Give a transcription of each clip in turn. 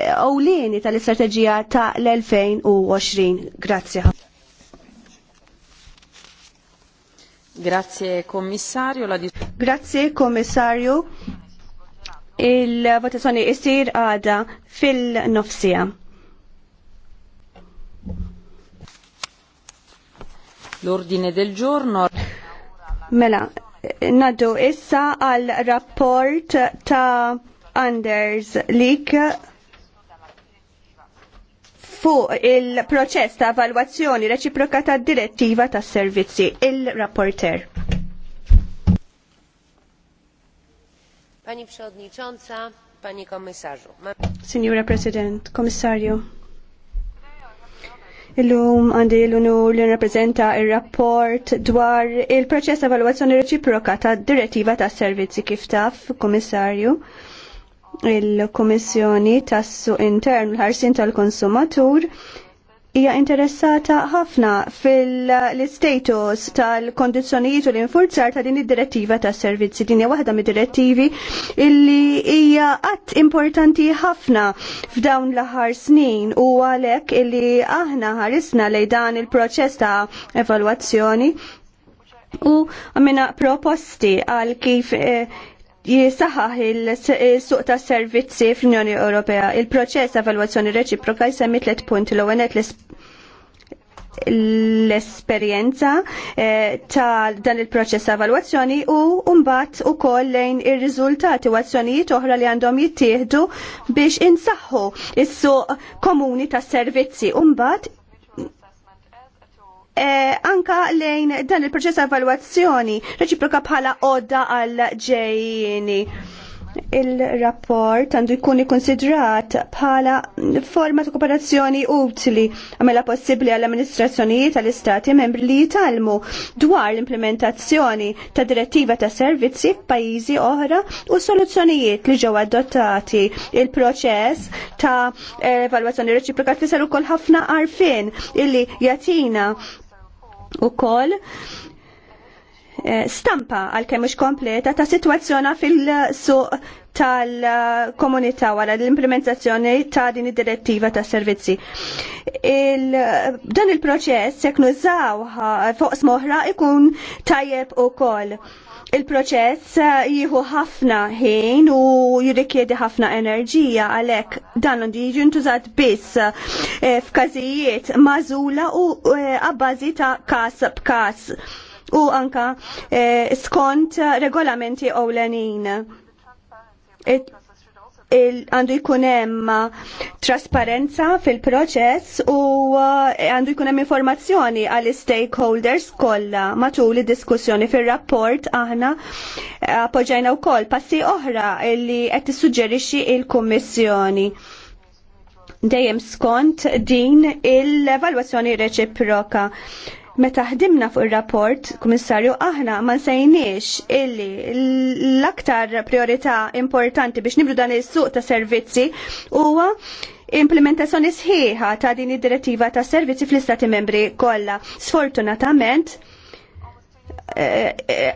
ewlieni tal-istrateġija ta' l-2020. Grazie. Grazie Kommissarju. La... Grazie Kommissarju. Il-votazzjoni isir għada fil-nofsija. L-ordine del giorno. Mela, naddu issa għal rapport ta' Anders Lik fuq il-proċess ta' evalwazzjoni reċiproka ta' direttiva ta' servizzi. Il-rapporter. Pani Przewodnicząca, Pani Komisarzu. Ma... Signora President, Komisarju. Illum għandi l-unur li nirrappreżenta il-rapport dwar il-proċess evalwazzjoni reċiproka ta' direttiva ta' servizzi kif taf, Komisarju il-Komissjoni tas-Suq Intern l-ħarsin tal-Konsumatur hija interessata ħafna fil-status tal kondizjonijiet u l-infurzar ta' din id-direttiva ta' servizzi. Din hija waħda mid-direttivi illi hija qatt importanti ħafna f'dawn l-aħħar snin u għalhekk illi aħna ħarisna lejn dan il-proċess ta' evalwazzjoni u għamina proposti għal kif eh, jisaħħaħ il-suq ta' servizzi fl-Unjoni Ewropea. Il-proċess ta' evalwazzjoni reċiproka jsemmi tliet punti l-ewwenet l-esperjenza eh, ta' dan il-proċess ta' evalwazzjoni u mbagħad ukoll lejn ir-riżultati u azzjonijiet oħra li għandhom jittieħdu biex insaħħu is-suq komuni tas servizzi u mbagħad Eh, anka lejn dan il-proċess ta' evalwazzjoni reċiproka bħala odda għal ġejjini il-rapport għandu jkun ikkonsidrat bħala forma ta' kooperazzjoni utli għamela possibbli għall-amministrazzjonijiet tal-istati membri li jitalmu dwar l-implementazzjoni ta' direttiva ta' servizzi f'pajjiżi oħra u soluzzjonijiet li ġew adottati il-proċess ta' evalwazzjoni reċiproka tfisser ukoll ħafna arfin illi jatina ukoll eh, stampa għalkemm mhux kompleta ta' situazzjona fil-suq tal-komunità wara l-implementazzjoni ta' din id-direttiva ta' servizzi. Il dan il-proċess jekk nużaw fuq smoħra ikun tajjeb ukoll. Il-proċess eh, jieħu ħafna ħin u jirrikjedi ħafna enerġija għalhekk dan għandi jiġi ntużat biss eh, f'każijiet mażula u eh, għabbażi ta' każ b'każ u anka skont regolamenti ewlenin għandu jkun hemm trasparenza fil-proċess u eh, għandu jkun hemm informazzjoni għall stakeholders kollha matul id-diskussjoni fir-rapport aħna eh, appoġġajna wkoll passi oħra li qed tissuġġerixxi il-Kummissjoni dejjem skont din il-evalwazzjoni reċiproka. Meta ħdimna fuq ir-rapport, Kummissarju, aħna ma nsejniex illi l-aktar priorità importanti biex nibru dan is-suq ta' servizzi huwa implementazzjoni sħiħa ta' din id-direttiva ta' servizzi fl-istati membri kollha. Sfortunatament, eh, eh,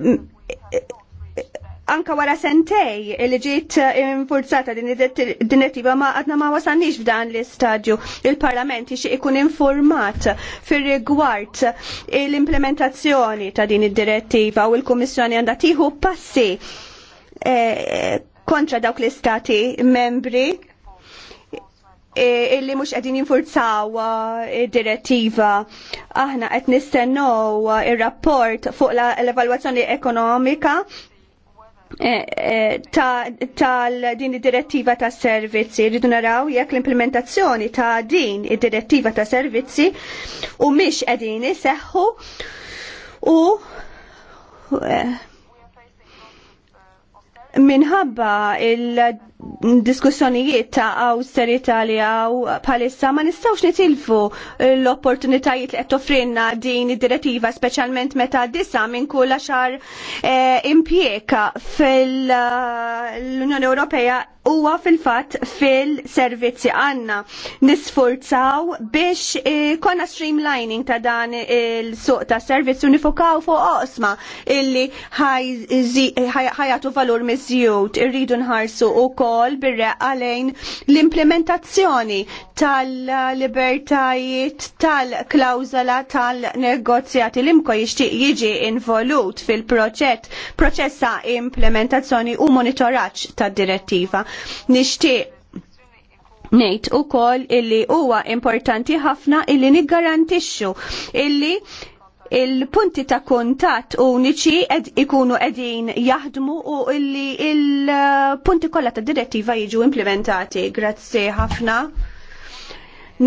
eh, anka wara sentej li ġiet eh, infurzata din id-direttiva ma għadna ma wasalniex f'dan l-istadju. Il-Parlament ixi ikun informat fir rigward l-implementazzjoni ta' din id-direttiva u l-Kummissjoni għandha tieħu passi eh, kontra dawk l-istati membri eh, illi mux għedin jinfurzaw direttiva. Aħna għed nistennu il-rapport fuq l-evaluazzjoni ekonomika Eh, eh, tal din id-direttiva ta' servizzi. Rridu naraw jekk l-implementazzjoni ta' din id-direttiva ta' servizzi u miex qegħdin seħħu u eh, minħabba il- diskussjonijiet ta' austerita li għaw palissa ma nistawx nitilfu l-opportunitajiet li qed toffrinna din id-direttiva speċjalment meta disa minn kull xar eh, impieka fil-Unjoni Ewropea huwa fil-fatt fil-servizzi għanna Nisfurzaw biex eh, konna streamlining ta' dan il-suq ta' servizzi unifokaw fuq osma illi ħajatu valur mizzjut irridu nħarsu u ukoll bir-reqqa lejn l-implementazzjoni tal-libertajiet tal-klawżola tal-negozjati l-imko jixtieq jiġi involut fil-proċett proċess ta' implementazzjoni u monitoraġġ tad-direttiva. Nixtieq Nejt u kol illi huwa importanti ħafna illi niggarantixxu illi il-punti ta' kuntatt uniċi ed ikunu edin jaħdmu u illi il-punti kollha ta' direttiva jiġu implementati. Grazzi ħafna.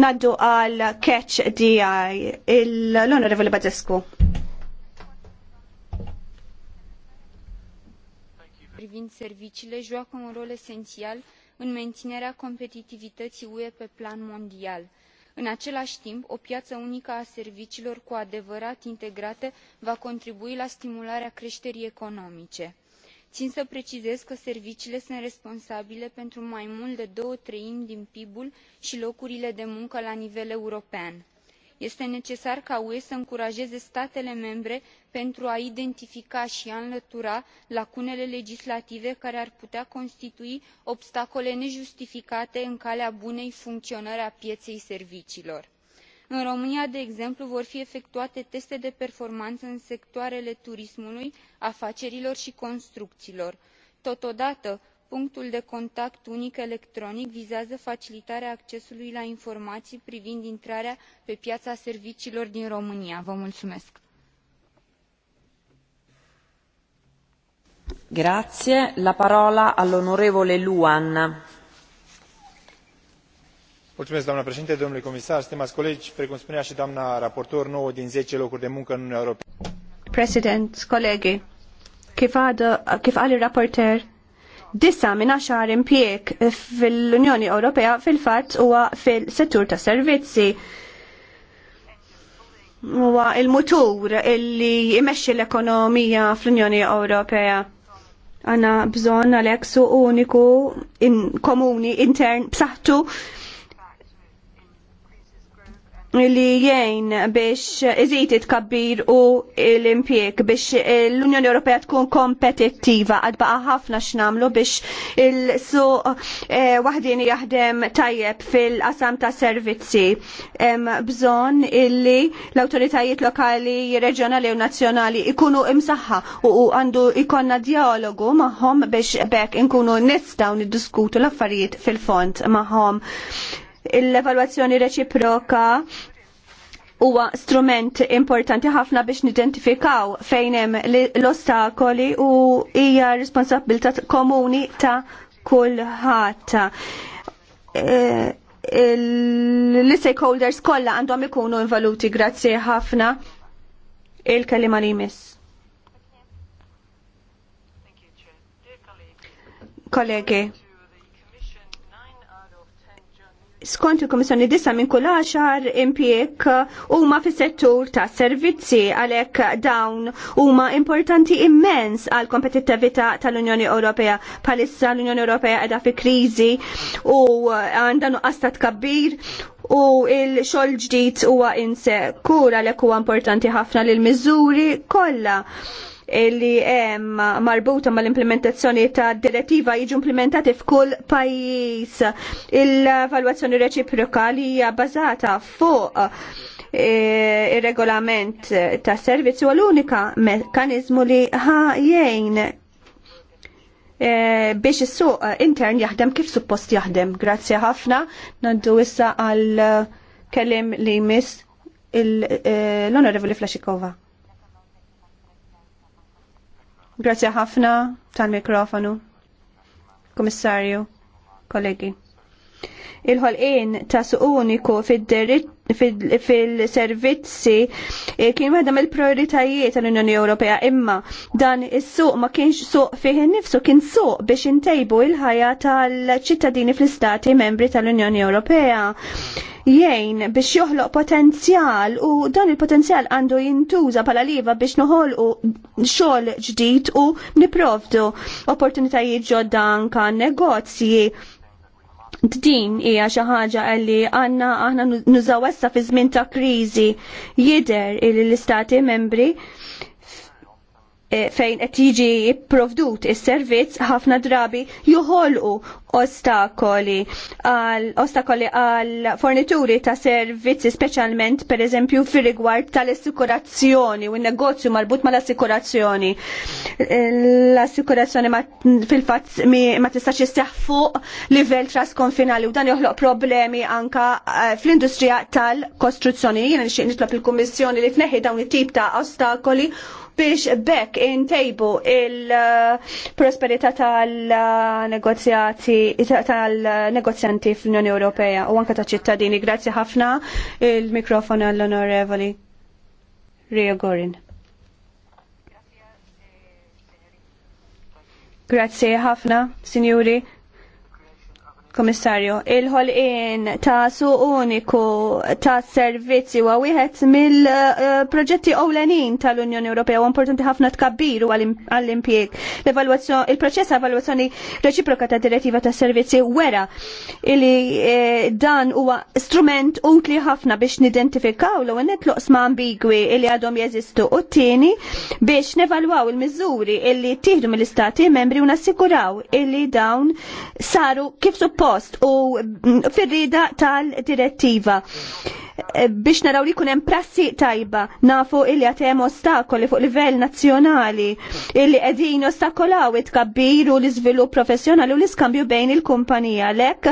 Naddu għal catch DI l-Onorevole Badescu. privind serviciile joacă un rol esențial în menținerea competitivității ue pe plan mondial în acelai timp o piaă unică a serviciilor cu adevărat integrată va contribui la stimularea creterii economice. in să precizez că serviciile sunt responsabile pentru mai mult de două treimi din pib ul i locurile de muncă la nivel european este necesar ca ue să încurajeze statele membre pentru a identifica i a înlătura lacunele legislative care ar putea constitui obstacole nejustificate în calea bunei funcionări a pieei serviciilor. în românia de exemplu vor fi efectuate teste de performană în sectoarele turismului afacerilor i construciilor. totodată punctul de contact unic electronic vizează facilitarea accesului la informaii privind intrarea pe piaa serviciilor din românia. Vă mulțumesc. Grazie. La parola all'onorevole Luan. Mulțumesc, doamna președinte, domnule comisar, stimați colegi, precum spunea și doamna raportor, 9 din 10 locuri de muncă în Uniunea Europeană. President, colegi, kif għadu, kif għali rapporter, disa minn għaxar impiek fil-Unjoni Ewropea fil-fatt huwa fil-settur ta' servizzi. Huwa il-mutur illi jmexxi l-ekonomija fl-Unjoni Ewropea. Għana bżon għal-eksu uniku in komuni intern b'saħħtu li jgħin biex iżid it-kabbir u l-impjek biex l-Unjoni Ewropea tkun kompetittiva għad baqa ħafna x'namlu biex il-suq eh, waħdin jaħdem tajjeb fil-qasam ta' servizzi. Bżon illi l-autoritajiet lokali, reġjonali u nazzjonali ikunu imsaħħa u għandu ikonna dialogu maħom biex bekk inkunu nistaw niddiskutu l-affarijiet fil-font maħom l-evalwazzjoni reċiproka huwa strument importanti ħafna biex nidentifikaw fejn hemm l-ostakoli u hija responsabilità komuni ta' kulħadd. E, e, l-stakeholders kollha għandhom ikunu involuti grazzi ħafna il-kelima li jmiss. Kollegi, skont il-Komissjoni disa minn kull għaxar impjek uh, huma fis-settur ta' servizzi għalhekk dawn huma importanti immens għal kompetittività tal-Unjoni Ewropea. Palissa l-Unjoni Ewropea qiegħda fi kriżi u għandha nuqqas ta' tkabbir u il-xogħol ġdid huwa insekura għalhekk huwa importanti ħafna lil miżuri kollha li hemm ma mal-implementazzjoni ta' direttiva jiġu implementati f'kull pajjiż. Il-valwazzjoni reċiproka li hija bazata fuq e, ir-regolament ta' servizzi huwa l-unika mekkaniżmu li ħajjejn e, biex is-suq intern jaħdem kif suppost jaħdem. Grazzi ħafna. Naddu issa għal kelim li miss e, l-Onorevoli Flashikova. Grazzi ħafna tal-mikrofonu. Komissarju, kollegi. Il-ħolqien tas uniku fil-servizzi eh, kien waħda mill-prioritajiet tal-Unjoni Ewropea imma dan is-suq ma kienx suq fih innifsu kien suq biex intejbu il-ħajja tal-ċittadini fl-istati membri tal-Unjoni Ewropea jgħin biex joħloq potenzjal u dan il-potenzjal għandu jintuża pala liva biex noħolqu xogħol ġdid u niprovdu opportunitajiet ġodda anka negozji din hija xi ħaġa li għandna aħna nużaw issa fi żmien ta' kriżi jidher l-istati membri e, fejn qed jiġi provdut is-servizz ħafna drabi joħolqu ostakoli għal ostakoli għal fornituri ta' servizzi speċjalment per eżempju fir rigward tal-assikurazzjoni u n-negozju marbut mal-assikurazzjoni. L-assikurazzjoni fil-fatt ma tistax isseħ fuq livell trasconfinali u dan joħloq problemi anka eh, fl-industrija tal-kostruzzjoni. Jiena nixtieq nitlob il-Kummissjoni li tneħħi dawn it-tip ta' ostakoli biex bekk intejbu il-prosperità eh, tal-negozjati eh, tal-negozjanti fl-Unjoni Ewropea u anke ta' ċittadini. Grazzi ħafna il-mikrofon għall-Onorevoli Rio Gorin. Grazzi ħafna, signori. Komissarju, il-ħolqien ta' su uniku ta' servizzi huwa wieħed mill-proġetti eh, ewlenin tal-Unjoni Ewropea u importanti ħafna tkabbiru għall-impjieg. Il-proċess ta' evalwazzjoni reċiproka ta' direttiva ta' servizzi wera li eh, dan huwa strument utli ħafna biex nidentifikaw l għonet loqsma ambigwi li għadhom jeżistu u t-tieni biex nevalwaw il-miżuri illi tieħdu mill-istati membri u nassikuraw illi dawn saru kif suppost post u mm, fil-rida tal-direttiva eh, biex naraw li kunem prassi tajba nafu illi għatem ostakoli fuq livell nazzjonali illi edin ostakolaw it u l izvilu professjonali u l-iskambju bejn il-kumpanija lek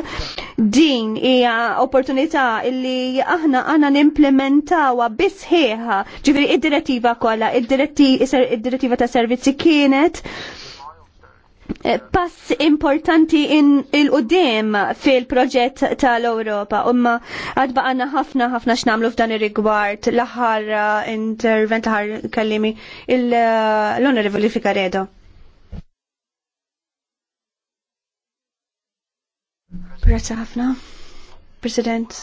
din hija opportunità illi aħna għana nimplementawa bisħieħa ġifri id-direttiva kolla id-direttiva ta' servizzi kienet Eh, pass importanti il-qudiem fil-proġett tal-Europa. Umma għadba għanna ħafna ħafna x'namlu f'dan ir-rigward l-aħħar eh, intervent l-aħħar kallimi eh, l-Onorevoli Ficaredo. Grazie ħafna. President.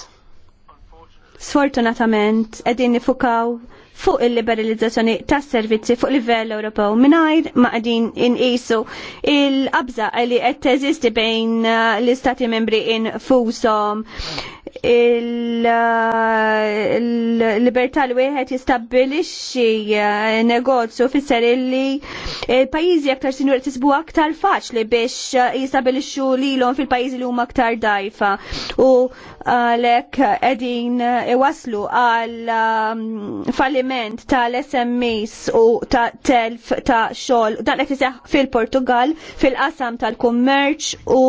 Sfortunatament, edin nifukaw fuq il-liberalizzazzjoni tas servizzi fuq livell Ewropew mingħajr ma qegħdin inqisu il-qabża li qed teżisti bejn uh, l-istati membri infushom il-libertà uh, li wieħed jistabbilixxi uh, negozju fisser illi pajjiżi aktar sinjur tisbu aktar faċli biex jistabbilixxu lilhom fil-pajjiżi li huma aktar dajfa u għalhekk qegħdin iwaslu għal um, fallim l ta' tal-SMEs u ta' telf ta' xogħol dan qed iseħħ fil-Portugal fil-qasam tal-kummerċ u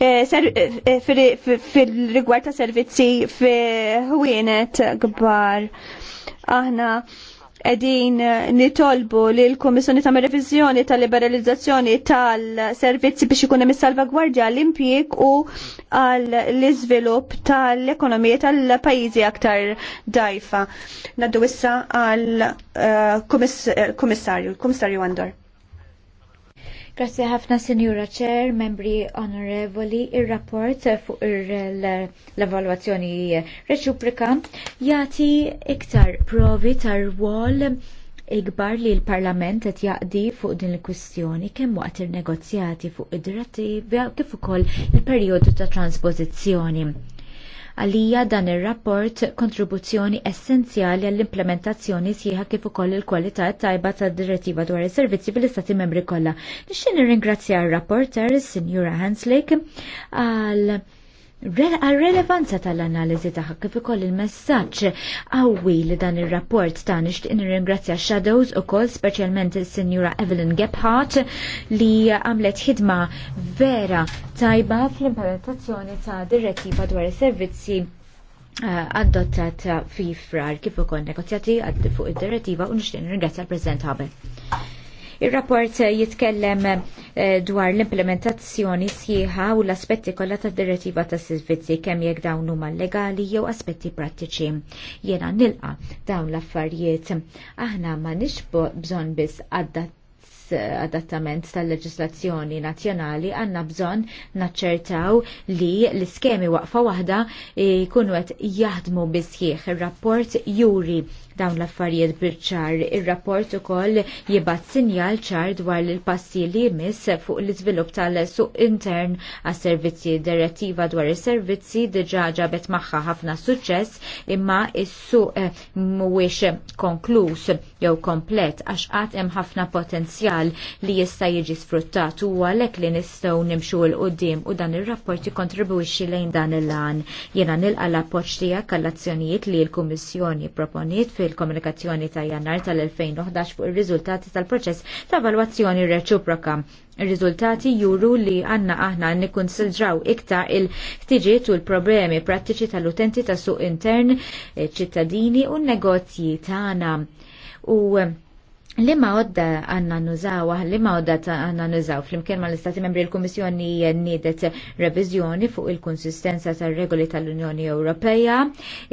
eh, eh, fil-rigward ta' servizzi fi ħwienet kbar aħna edin eh, nitolbu li l-Komissjoni ta' revizjoni ta' liberalizzazzjoni tal-servizzi biex ikun hemm salvagwardja l-impjieg u għall l-iżvilupp tal-ekonomija tal-pajjiżi aktar dajfa. Naddu issa għall-Kummissarju eh, eh, l komissarju Andor. Grazie ħafna Sinjura Chair, membri onorevoli, il-rapport fuq l-evaluazzjoni reċuprika jati iktar provi tar-wol ikbar li l-Parlament qed jaqdi fuq din il-kwistjoni kemm waqt il-negozjati fuq id-direttiva kif ukoll il-perjodu ta' transpożizzjoni. Għalija dan ir-rapport kontribuzzjoni essenzjali għall-implementazzjoni sieħa kif ukoll il-kwalità tajba tad-direttiva dwar is-servizzi bil-istati membri kollha. Nixtieq nirringrazzja r-rapporter, Sinjura Hanslake, għal Għal-relevanza tal-analizi taħħa kif ukoll il-messaġġ qawwi li dan ir-rapport ta' nixtieq nirringrazzja Shadows ukoll speċjalment is-Sinjura Evelyn Gebhardt li għamlet ħidma vera tajba fl-implementazzjoni ta' direttiva dwar is-servizzi eh, adottat fi frar kif ukoll negozjati fuq id-direttiva u nixtieq nirringrazzja l-President Haber. Il-rapport eh, jitkellem eh, dwar l-implementazzjoni sħiħa u l-aspetti kollha tad-direttiva ta' servizzi kemm jekk dawn huma legali jew aspetti prattiċi. Jiena nilqa dawn l-affarijiet. Aħna ma nixbu bżonn biss adattament tal-leġislazzjoni nazzjonali għanna bżon naċċertaw li l-iskemi waqfa waħda jkunu eh, qed jaħdmu bisħieħ ir-rapport juri dawn l-affarijiet bil-ċar. Ir-rapport ukoll jibgħat sinjal ċar dwar il-passi li jmiss fuq l-iżvilupp tal-suq intern għas servizzi direttiva dwar is-servizzi diġà ġabet magħha ħafna suċċess imma is-suq eh, mhuwiex konkluż jew komplet għax qatt hemm ħafna potenzjal li jista' jiġi sfruttat u għalhekk li nistgħu nimxu l qudiem u dan ir-rapport jikkontribwixxi lejn dan il-lan. Jiena nilqa l-appoġġ tiegħek għall-azzjonijiet li l-Kummissjoni proponiet fil-komunikazzjoni ta' jannar tal-2011 fuq ir-riżultati tal-proċess ta' valwazzjoni reċiproka. il riżultati juru li għanna aħna nikkonsidraw iktar il-ħtiġiet u l-problemi prattiċi tal-utenti ta' suq intern, ċittadini u n negozji tagħna. U Li ma għodda għanna nużaw, li ma għodda għanna nużaw, fl-imkien ma l-Istati membri l-Komissjoni jennidet revizjoni fuq il-konsistenza tal-regoli tal-Unjoni Ewropeja,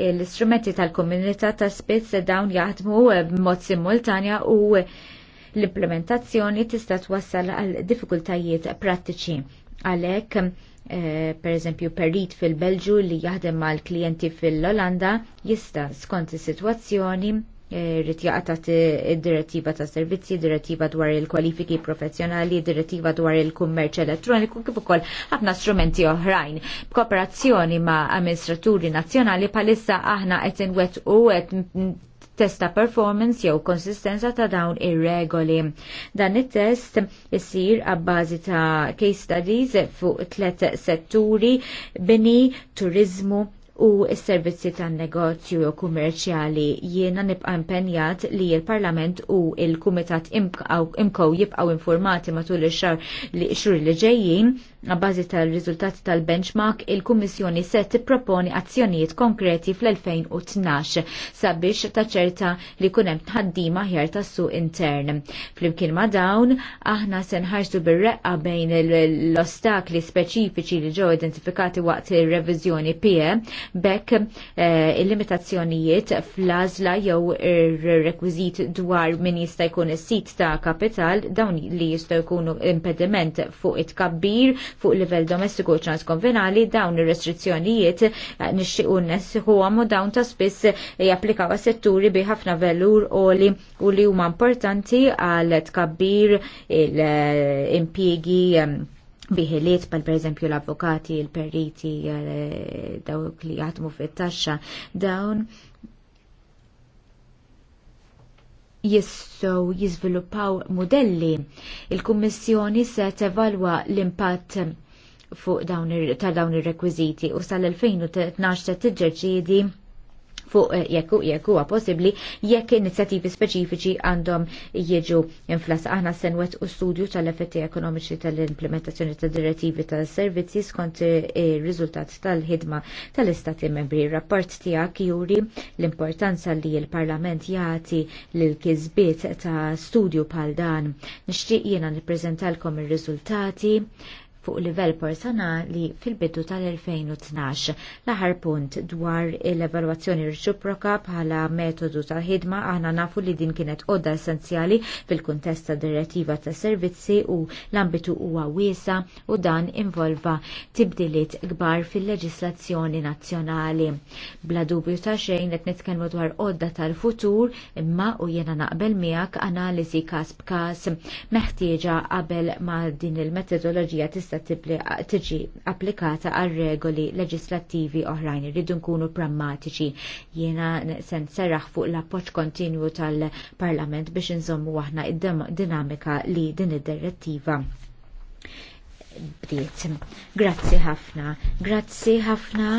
l-istrumenti tal-komunità ta' spitz dawn jaħdmu b'mod simultanja u l-implementazzjoni tista' twassal għal diffikultajiet prattiċi. Għalek, eh, per eżempju, perit fil-Belġu li jaħdem mal-klijenti fil-Olanda jista' skont is-sitwazzjoni rrit eh, jaqtat eh, id-direttiva ta' servizzi, direttiva dwar il-kwalifiki professjonali, direttiva dwar il-kummerċ elettroniku, kif ukoll ħafna strumenti oħrajn. B'kooperazzjoni ma' amministraturi nazzjonali palissa aħna qed inwet u qed testa performance jew konsistenza ta' dawn ir-regoli. Dan it-test isir għabbażi ta' case studies fuq tliet setturi, bini, turizmu u s-servizzi tan negozju kummerċjali jiena nibqa' impenjat li l-Parlament u l-Kumitat imkow jibqgħu informati matul ix xahar li xhur li ġejjin Għabbażi tal-riżultati tal-benchmark, il-Kummissjoni se tipproponi azzjonijiet konkreti fl-2012 sabiex taċerta li kunem tħaddima ħjar tas-suq intern. Flimkien ma' dawn, aħna se nħarsu bir-reqqa bejn l-ostakli speċifiċi li ġew identifikati waqt ir-reviżjoni PE bekk eh, il-limitazzjonijiet fl-għażla jew ir-rekwiżit dwar min jista' jkun is-sit ta' kapital dawn li jista' jkunu impediment fuq it-kabbir fuq livell domestiku u transkonvenali dawn ir-restrizzjonijiet eh, nixtiequ nessiħuhom u dawn ta' spiss eh, japplikaw setturi bi ħafna velur oli u li huma importanti għal tkabbir il-impjiegi eh, biħiliet pal per eżempju l-avokati, il-perriti, dawk li jgħatmu fit-taxxa, dawn jissow jizviluppaw modelli. Il-Kummissjoni se tevalwa l-impatt fuq dawn ta' dawn ir-rekwiżiti u sal-2012 se tiġġeġiedi fuq eh, jekk jekk huwa possibbli jekk inizjattivi speċifiċi għandhom jiġu inflas aħna senwet u studju tal-effetti ekonomiċi tal-implementazzjoni tad direttivi tal-servizzi skont eh, ir-riżultat tal-ħidma tal-istati membri. Rapport tiegħek juri l-importanza li l-Parlament jagħti lil kisbiet ta' studju bħal dan. Nixtieq jiena nippreżentalkom ir-riżultati fuq livell personali fil-bidu tal-2012. l punt dwar l-evalwazzjoni reċiproka bħala metodu ta' ħidma aħna nafu li din kienet qodda essenzjali fil-kuntest direttiva ta' servizzi u l-ambitu huwa wiesa u dan involva tibdiliet kbar fil-leġislazzjoni nazzjonali. Bla dubju ta' xejn qed nitkellmu dwar qodda tal-futur imma u jiena naqbel miegħek analiżi każ b'każ meħtieġa qabel ma' din il-metodoloġija tista' tiġi applikata għal regoli leġislattivi oħrajn. Irridu nkunu prammatiċi. Jiena sen serraħ fuq l-appoġġ kontinju tal-Parlament biex inżommu aħna id-dinamika li din id-direttiva bdiet. Grazzi ħafna. Grazzi ħafna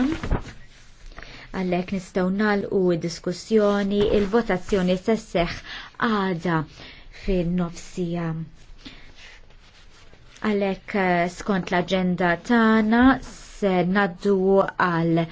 għallek nistaw nalqu diskussjoni il-votazzjoni sesseħ għada fil-nofsija. Għalek eh, skont l-agenda tana se naddu għal